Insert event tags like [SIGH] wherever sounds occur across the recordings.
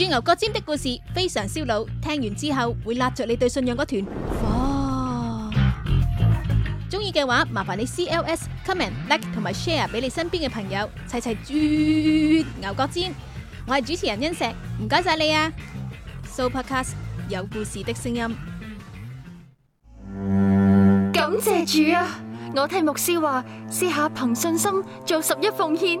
鑽牛角尖的故事非常燒腦，聽完之後會拉著你對信仰嗰團火。中意嘅話，麻煩你 CLS、comment、like 同埋 share 俾你身邊嘅朋友，齊齊鑽牛角尖。我係主持人恩石，唔該晒你啊！Sooopodcast 有故事的聲音，感謝主啊！我聽牧師話，試下憑信心做十一奉獻。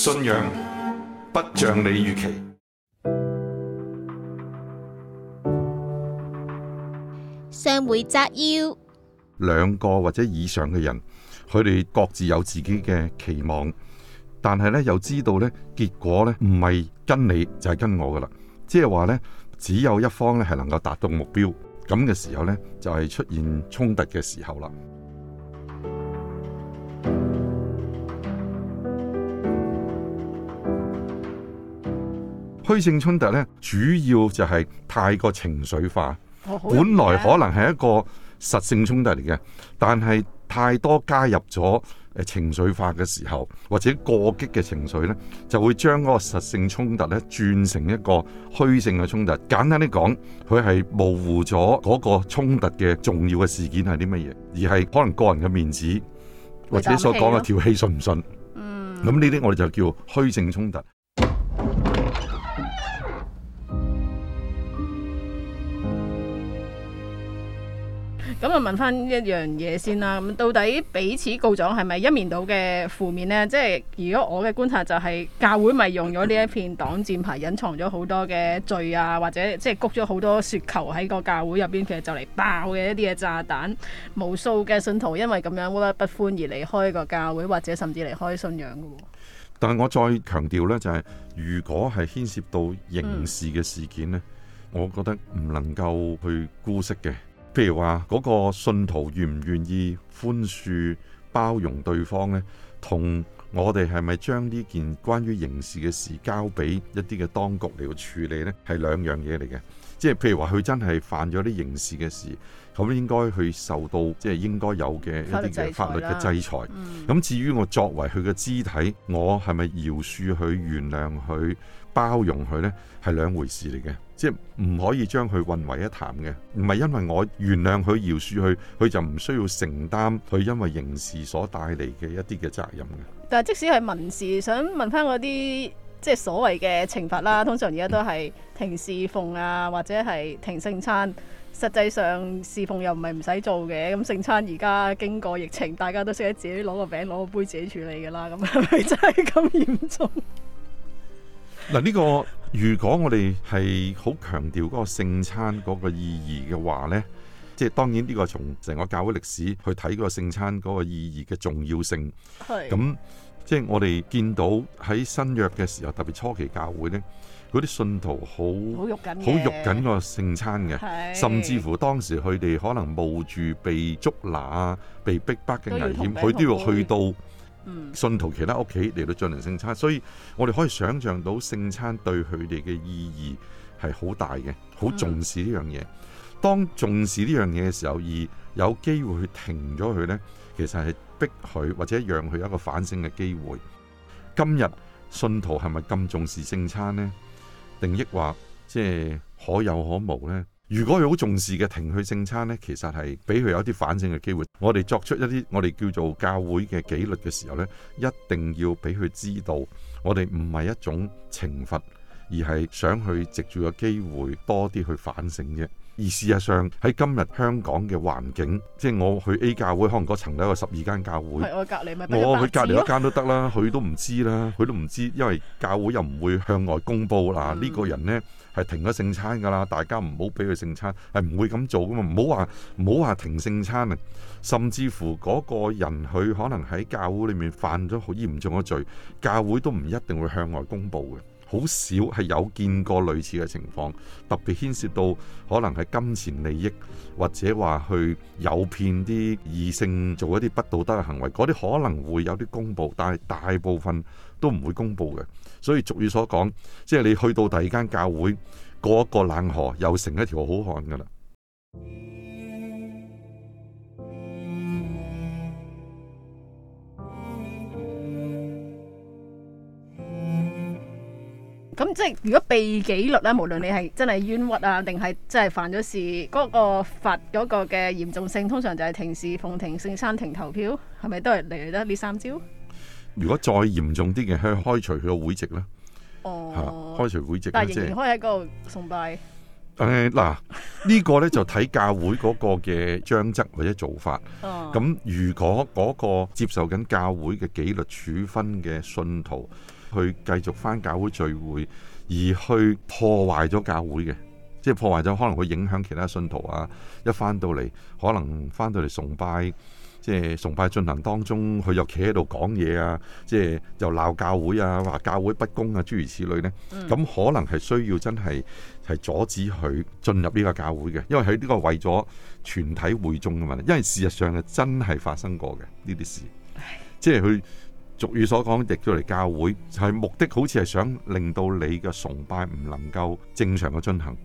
信仰不像你預期。上回摘要兩個或者以上嘅人，佢哋各自有自己嘅期望，但係咧又知道咧結果咧唔係跟你就係跟我噶啦，即係話咧只有一方咧係能夠達到目標，咁嘅時候咧就係出現衝突嘅時候啦。虛性衝突咧，主要就係太過情緒化。本來可能係一個實性衝突嚟嘅，但係太多加入咗誒情緒化嘅時候，或者過激嘅情緒咧，就會將嗰個實性衝突咧轉成一個虛性嘅衝突。簡單啲講，佢係模糊咗嗰個衝突嘅重要嘅事件係啲乜嘢，而係可能個人嘅面子或者所講嘅條氣信唔信。嗯。咁呢啲我哋就叫虛性衝突。咁啊，問翻一樣嘢先啦。咁到底彼此告狀係咪一面倒嘅負面呢？即係如果我嘅觀察就係、是、教會咪用咗呢一片擋箭牌，隱藏咗好多嘅罪啊，或者即係谷咗好多雪球喺個教會入邊，其實就嚟爆嘅一啲嘅炸彈，無數嘅信徒因為咁樣不歡而離開個教會，或者甚至離開信仰嘅、哦。但係我再強調呢，就係、是、如果係牽涉到刑事嘅事件呢，嗯、我覺得唔能夠去姑息嘅。譬如話嗰個信徒願唔願意寬恕包容對方呢？同我哋係咪將呢件關於刑事嘅事交俾一啲嘅當局嚟到處理呢？係兩樣嘢嚟嘅。即係譬如話佢真係犯咗啲刑事嘅事，咁應該去受到即係應該有嘅一啲嘅法律嘅制裁。咁、嗯、至於我作為佢嘅肢體，我係咪饒恕佢、原諒佢、包容佢呢？係兩回事嚟嘅。即係唔可以將佢混為一談嘅，唔係因為我原諒佢饒恕佢，佢就唔需要承擔佢因為刑事所帶嚟嘅一啲嘅責任嘅。但係即使係民事，想問翻嗰啲即係所謂嘅懲罰啦，通常而家都係停侍奉啊，或者係停聖餐。實際上侍奉又唔係唔使做嘅，咁聖餐而家經過疫情，大家都識得自己攞個餅攞個杯自己處理噶啦，咁係咪真係咁嚴重？嗱呢、 [LAUGHS] 呢個。如果我哋係好強調嗰個聖餐嗰個意義嘅話呢，即係當然呢個從成個教會歷史去睇嗰個聖餐嗰個意義嘅重要性是，咁，即係我哋見到喺新約嘅時候，特別初期教會呢，嗰啲信徒好好肉緊，肉緊嘅個聖餐嘅是，甚至乎當時佢哋可能冒住被捉拿、被逼迫嘅危險，佢都，都要去到。信徒其他屋企嚟到進行聖餐，所以我哋可以想象到聖餐對佢哋嘅意義係好大嘅，好重視呢樣嘢。當重視呢樣嘢嘅時候，而有機會去停咗佢呢，其實係逼佢或者讓佢有一個反省嘅機會。今日信徒係咪咁重視聖餐呢？定抑或即係可有可無呢？如果佢好重視嘅停去聖餐呢，其實係俾佢有一啲反省嘅機會。我哋作出一啲我哋叫做教會嘅紀律嘅時候呢，一定要俾佢知道，我哋唔係一種懲罰，而係想去藉住個機會多啲去反省啫。而事實上喺今日香港嘅環境，即係我去 A 教會，可能嗰層都有十二間教會，我，隔啊、我去隔離一間都得啦，佢都唔知啦，佢都唔知道，因為教會又唔會向外公佈喇，呢個人呢，係停咗聖餐㗎啦，大家唔好俾佢聖餐，係唔會咁做噶嘛。唔好話，唔好話停聖餐啊，甚至乎嗰個人佢可能喺教會裡面犯咗好嚴重嘅罪，教會都唔一定會向外公佈嘅。好少係有見過類似嘅情況，特別牽涉到可能係金錢利益，或者話去誘騙啲異性做一啲不道德嘅行為，嗰啲可能會有啲公佈，但係大部分都唔會公佈嘅。所以俗語所講，即係你去到第二間教會，過一個冷河，又成一條好漢㗎啦。咁即係如果被紀律咧，無論你係真係冤屈啊，定係真係犯咗事，嗰、那個罰嗰個嘅嚴重性，通常就係停事奉、停聖餐、停投票，係咪都係嚟得呢三招？如果再嚴重啲嘅，去開除佢個會籍咧。哦，開除會籍，但仍然可以喺一個崇拜。誒嗱、呃，呢、這個咧就睇教會嗰個嘅章則或者做法。哦，咁如果嗰個接受緊教會嘅紀律處分嘅信徒，去繼續返教會聚會，而去破壞咗教會嘅，即係破壞咗可能會影響其他信徒啊！一返到嚟，可能返到嚟崇拜，即係崇拜進行當中，佢又企喺度講嘢啊，即係又鬧教會啊，話教會不公啊，諸如此類呢。咁可能係需要真係係阻止佢進入呢個教會嘅，因為喺呢個為咗全體會眾嘅問題，因為事實上係真係發生過嘅呢啲事，即係佢。俗語所講，亦都嚟，教會係、就是、目的，好似係想令到你嘅崇拜唔能夠正常嘅進行，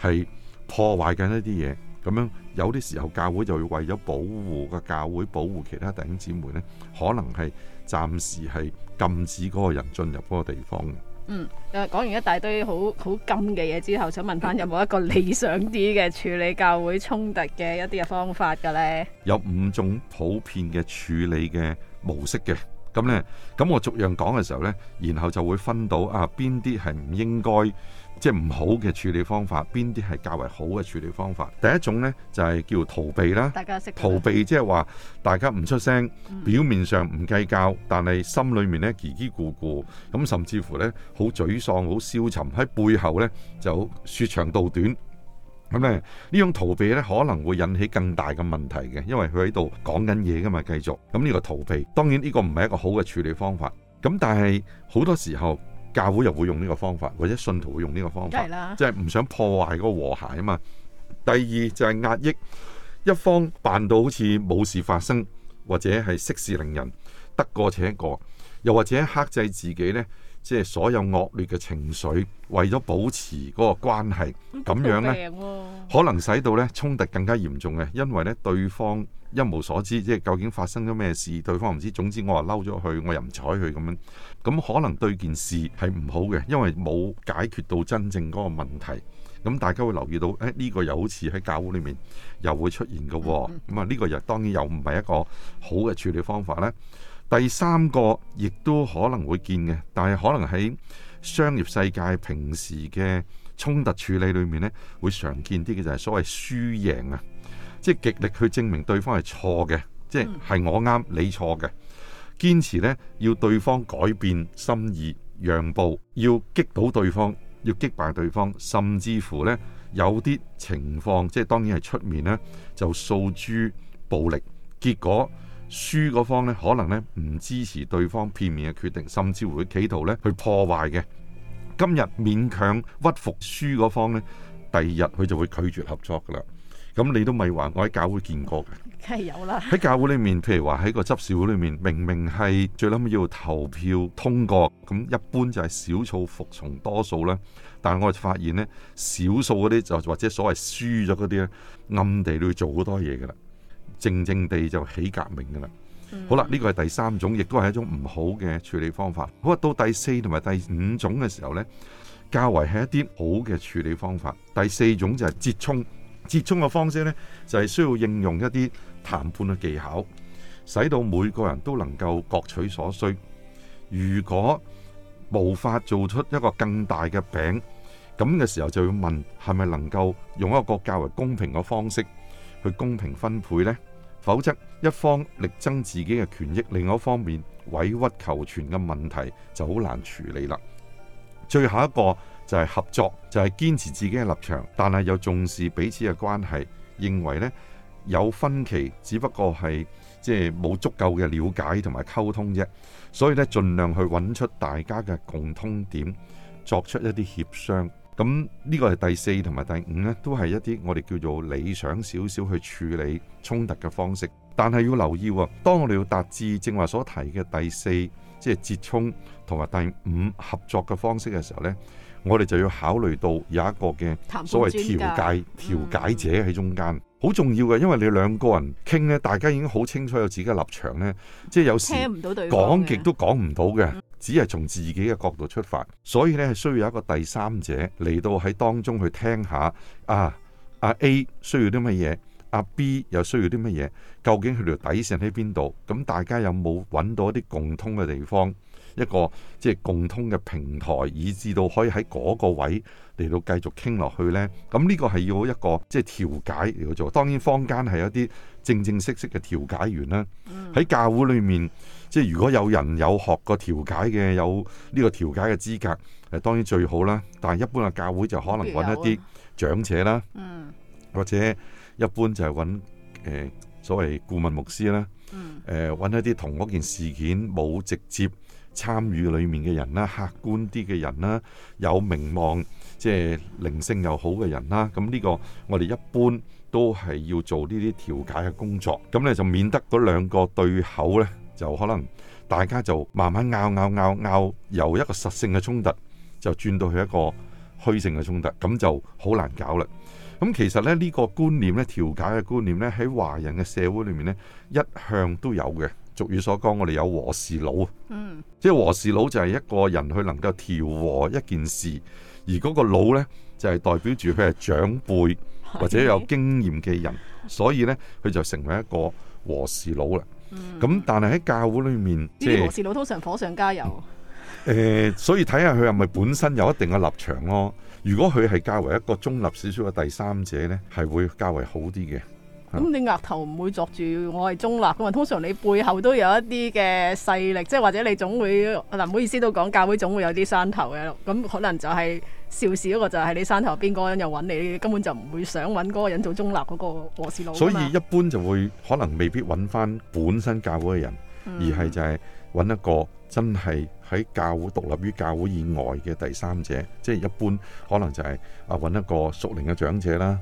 係、嗯、破壞緊一啲嘢。咁樣，有啲時候教會就會為咗保護個教會，保護其他弟兄姊妹咧，可能係暫時係禁止嗰個人進入嗰個地方嘅。嗯、誒、講完一大堆好好金嘅嘢之後，想問翻有冇一個理想啲嘅處理教會衝突嘅一啲嘅方法嘅咧？有五種普遍嘅處理嘅模式嘅。咁呢，咁我逐樣講嘅時候呢，然後就會分到啊邊啲係唔應該，即係唔好嘅處理方法，邊啲係較為好嘅處理方法。第一種呢，就係、是、叫逃避啦，逃避即係話大家唔出聲，表面上唔計較，但係心裏面呢，疑疑顧顧，咁甚至乎呢，好沮喪，好消沉，喺背後呢，就説長道短。咁呢種逃避呢，可能會引起更大嘅問題嘅，因為佢喺度講緊嘢㗎嘛，繼續。咁呢個逃避，當然呢個唔係一個好嘅處理方法。咁但係好多時候教會又會用呢個方法，或者信徒會用呢個方法，即係唔想破壞個和諧啊嘛。第二就係壓抑一方，扮到好似冇事發生，或者係息事寧人，得過且過，又或者克制自己呢。即係所有惡劣嘅情緒，為咗保持嗰個關係，咁樣呢，可能使到呢衝突更加嚴重嘅，因為呢，對方一無所知，即係究竟發生咗咩事，對方唔知。總之我話嬲咗佢，我又唔睬佢咁樣，咁可能對件事係唔好嘅，因為冇解決到真正嗰個問題。咁大家會留意到，誒呢個又好似喺教會裏面又會出現嘅喎。咁啊，呢個又當然又唔係一個好嘅處理方法呢。第三個亦都可能會見嘅，但係可能喺商業世界平時嘅衝突處理裏面呢，會常見啲嘅就係所謂輸贏啊，即係極力去證明對方係錯嘅，即係我啱你錯嘅，堅持呢，要對方改變心意、讓步，要擊倒對方，要擊敗對方，甚至乎呢，有啲情況，即係當然係出面呢就訴諸暴力，結果。輸嗰方咧，可能咧唔支持對方片面嘅決定，甚至乎會企圖咧去破壞嘅。今日勉強屈服輸嗰方咧，第二日佢就會拒絕合作噶啦。咁你都咪話我喺教會見過嘅，梗係有啦。喺教會裏面，譬如話喺個執事會裏面，明明係最諗要投票通過，咁一般就係少數服從多數啦。但係我哋發現咧，少數嗰啲就或者所謂輸咗嗰啲咧，暗地都要做好多嘢噶啦。靜靜地就起革命噶啦，好啦，呢個係第三種，亦都係一種唔好嘅處理方法。好啊，到第四同埋第五種嘅時候呢，較為係一啲好嘅處理方法。第四種就係折衝，折衝嘅方式呢就係需要應用一啲談判嘅技巧，使到每個人都能夠各取所需。如果無法做出一個更大嘅餅，咁嘅時候就要問係咪能夠用一個較為公平嘅方式去公平分配呢？否則，一方力爭自己嘅權益，另外一方面委屈求全嘅問題就好難處理啦。最後一個就係合作，就係堅持自己嘅立場，但係又重視彼此嘅關係，認為呢有分歧，只不過係即係冇足夠嘅了解同埋溝通啫。所以呢，盡量去揾出大家嘅共通點，作出一啲協商。咁呢個係第四同埋第五呢都係一啲我哋叫做理想少少去處理衝突嘅方式。但係要留意喎、哦，當我哋要達至正話所提嘅第四，即係折衷同埋第五合作嘅方式嘅時候呢，我哋就要考慮到有一個嘅所謂調解調解者喺中間，好、嗯、重要嘅。因為你兩個人傾呢，大家已經好清楚有自己嘅立場呢，即係有時聽唔到對方，講極都講唔到嘅。嗯只係從自己嘅角度出發，所以咧係需要一個第三者嚟到喺當中去聽下啊，阿 A 需要啲乜嘢，阿 B 又需要啲乜嘢，究竟佢哋底線喺邊度？咁大家有冇揾到一啲共通嘅地方？一個即係共通嘅平台，以至到可以喺嗰個位嚟到繼續傾落去呢？咁呢個係要一個即係調解嚟做。當然坊間係有啲正正式式嘅調解員啦。喺教會裏面。即係如果有人有學過調解嘅，有這個調解嘅，有呢個調解嘅資格，誒當然最好啦。但係一般嘅教會就可能揾一啲長者啦，啊嗯、或者一般就係揾誒所謂顧問牧師啦，誒、呃、揾一啲同嗰件事件冇直接參與裏面嘅人啦，客觀啲嘅人啦，有名望即係靈性又好嘅人啦。咁呢個我哋一般都係要做呢啲調解嘅工作，咁咧就免得嗰兩個對口咧。就可能大家就慢慢拗拗拗拗，由一個實性嘅衝突，就轉到去一個虛性嘅衝突，咁就好難搞啦。咁其實咧呢個觀念咧，調解嘅觀念咧，喺華人嘅社會裏面咧一向都有嘅。俗語所講，我哋有和事佬，嗯，即係和事佬就係一個人佢能夠調和一件事，而嗰個佬咧就係代表住佢係長輩、嗯、或者有經驗嘅人，所以咧佢就成為一個。和事佬啦，咁、嗯、但係喺教會裏面，呢、就、啲、是、和事佬通常火上加油。誒、嗯、呃，所以睇下佢係咪本身有一定嘅立場咯。如果佢係較為一個中立少少嘅第三者咧，係會較為好啲嘅。咁你額頭唔會作住，我係中立咁啊！通常你背後都有一啲嘅勢力，即係或者你總會嗱，唔好意思都講，教會總會有啲山頭嘅，咁可能就係、是、肇事嗰個就係你山頭邊嗰個人又揾你，你根本就唔會想揾嗰個人做中立嗰個和事佬啊嘛。所以一般就會可能未必揾翻本身教會嘅人，而係就係揾一個真係喺教會獨立於教會以外嘅第三者，即係一般可能就係、是、啊揾一個熟齡嘅長者啦。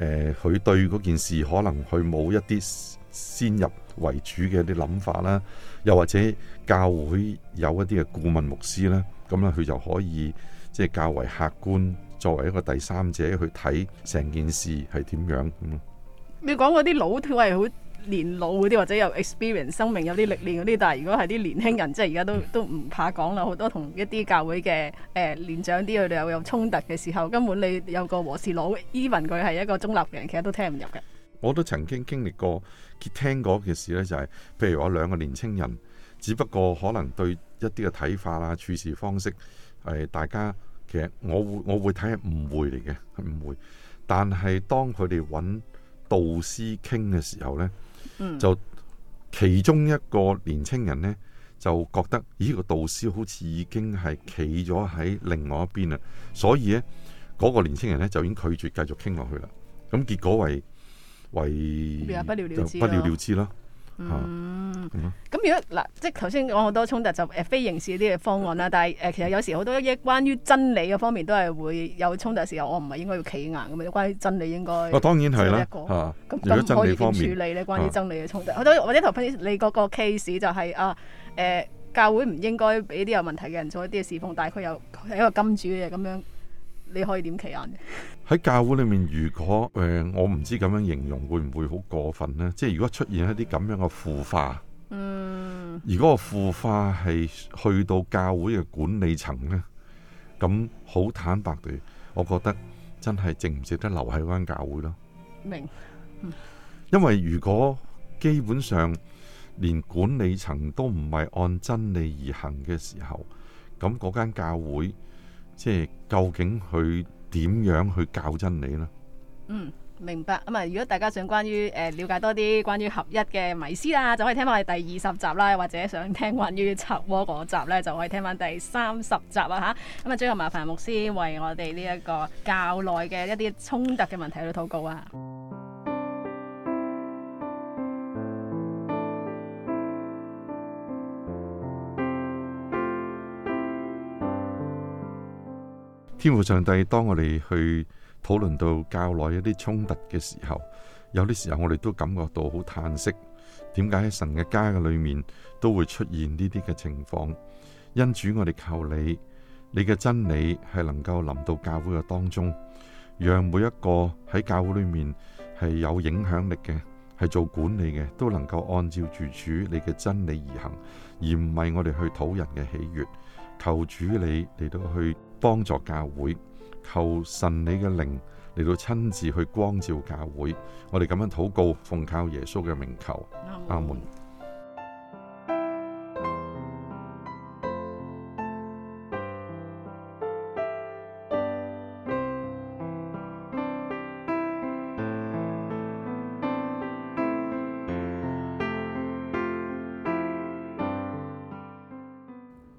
誒，佢對嗰件事可能佢冇一啲先入為主嘅啲諗法啦，又或者教會有一啲嘅顧問牧師啦，咁啦佢就可以即係較為客觀，作為一個第三者去睇成件事係點樣咁咯。你講嗰啲老係好。年老嗰啲或者有 experience、生命有啲歷練嗰啲，但係如果係啲年輕人，即係而家都都唔怕講啦。好多同一啲教會嘅誒年長啲佢哋有有衝突嘅時候，根本你有個和事佬，even 佢係一個中立嘅人，其實都聽唔入嘅。我都曾經經歷過，聽過件事咧就係，譬如話兩個年青人，只不過可能對一啲嘅睇法啊、處事方式，誒大家其實我會我會睇係誤會嚟嘅，係誤會。但係當佢哋揾導師傾嘅時候咧。嗯、就其中一個年青人呢，就覺得呢、這個導師好似已經係企咗喺另外一邊啦，所以呢，嗰、嗰個年青人呢，就已經拒絕繼續傾落去啦。咁結果為為不了不了了之啦。嗯，咁如果嗱，即係頭先講好多衝突就誒、呃、非刑事啲嘅方案啦，嗯、但係誒、呃、其實有時好多一啲關於真理嘅方面都係會有衝突嘅時候，我唔係應該要企硬咁嘛？關於真理應該、哦。我當然係啦，一個啊，咁咁那可以點處理咧？關於真理嘅衝突，啊、或者或者頭先你嗰個 case 就係、是、啊誒、呃，教會唔應該俾啲有問題嘅人做一啲嘅侍奉，但係佢又係一個金主嘅咁樣。你可以點企硬？喺教會裏面，如果誒，我唔知咁樣形容會唔會好過分呢？即係如果出現一啲咁樣嘅腐化，嗯，而嗰個腐化係去到教會嘅管理層呢，咁好坦白地，我覺得真係值唔值得留喺嗰間教會咯？明，嗯，因為如果基本上連管理層都唔係按真理而行嘅時候，咁嗰間教會。即係究竟佢點樣去教真理呢？嗯，明白咁啊！如果大家想關於誒、呃、了解多啲關於合一嘅迷思啊，就可以聽翻我哋第二十集啦；或者想聽關於雜鍋嗰集咧，就可以聽翻第三十集啊！吓咁啊，最後麻煩牧師為我哋呢一個教內嘅一啲衝突嘅問題去禱告啊！天父上帝，當我哋去討論到教內一啲衝突嘅時候，有啲時候我哋都感覺到好嘆息。點解喺神嘅家嘅裏面都會出現呢啲嘅情況？因主，我哋求你，你嘅真理係能夠臨到教會嘅當中，讓每一個喺教會裏面係有影響力嘅，係做管理嘅，都能夠按照住主你嘅真理而行，而唔係我哋去討人嘅喜悅。求主你嚟到去。幫助教會，求神你嘅靈嚟到親自去光照教會，我哋咁樣禱告，奉靠耶穌嘅名求，oh. 阿門。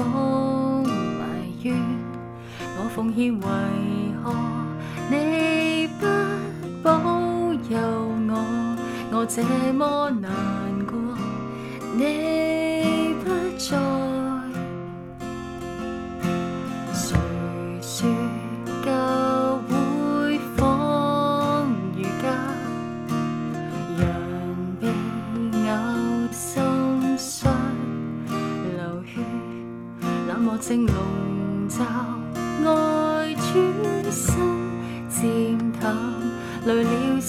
埋怨我奉獻為何你不保佑我？我這麼難過，你。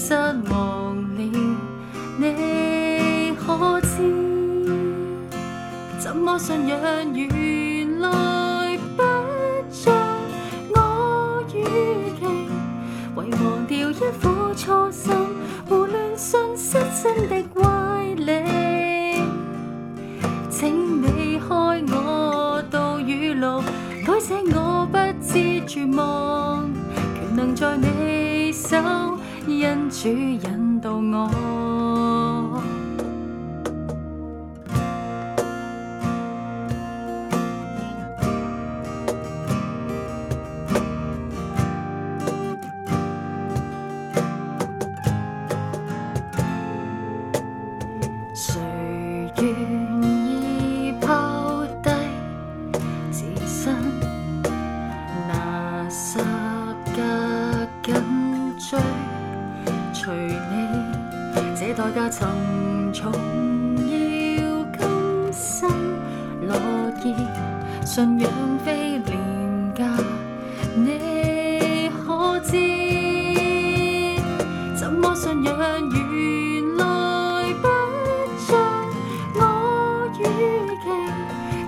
失望了，你可知？怎麼信仰原來不像我預期？為忘掉一顆初心，胡亂信失真的歪理。請你開我道與路，改寫我不知絕望，權能在你手。因主引導我。